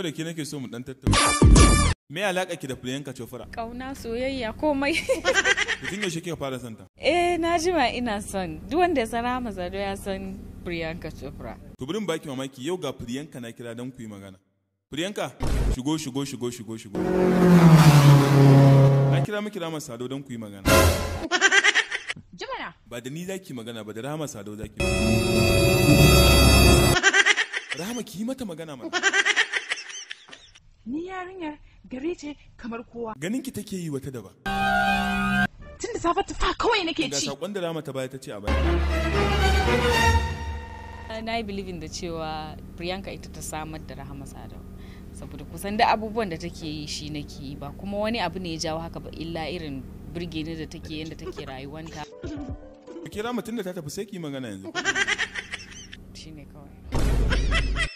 yau da ke nake so mu dan tattauna. Me alaƙa ki da Priyanka Chopra? Kauna soyayya komai. Tun yaushe kika fara santa? Eh na jima ina son duk wanda ya san Rama Zado ya san Priyanka Chopra. To burin baki mamaki yau ga Priyanka na kira dan ku yi magana. Priyanka shigo shigo shigo shigo shigo. Na kira miki Rama Sado dan ku yi magana. Jimana. Ba da ni zaki magana ba da Rama Sado zaki. Rama ki yi mata magana mana. ni yarinyar gare ce kamar kowa ganin ki take yi wata daba. tun da safe tufa kawai nake ci ga sakon da rama ta baya ta ce a baya uh, na yi bilibin da cewa priyanka ita ta samar da rahama sadau saboda kusan da abubuwan da take yi shi nake ba kuma wani abu ne ya jawo haka ba illa irin birge ne da take yanda take rayuwanta kira mutum da ta tafi sai ki magana yanzu shine kawai